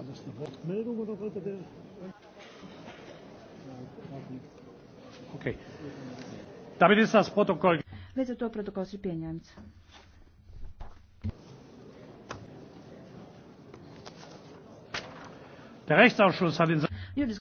War das eine Wortmeldung oder wollte der? Okay. Damit ist das Protokoll. Līdz ar to protokols ir pieņemts. Der Rechtsausschuss hat in